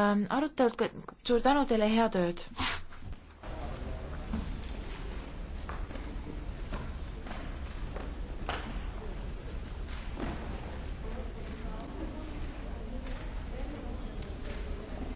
Ähm, arutelud, suur tänu teile, head ööd!